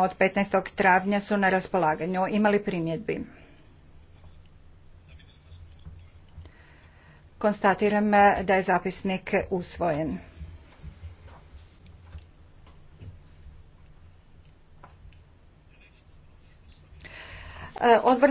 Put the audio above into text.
od 15. travnja su na raspolaganju. Imali primjedbi? Konstatiram eh, da je zapisnik usvojen. Eh, odbor